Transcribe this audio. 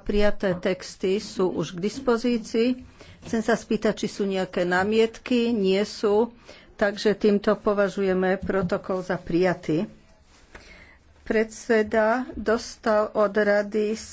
prijaté texty sú už k dispozícii. Chcem sa spýtať, či sú nejaké námietky. Nie sú. Takže týmto považujeme protokol za prijatý. Predseda dostal od rady